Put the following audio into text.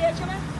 Catch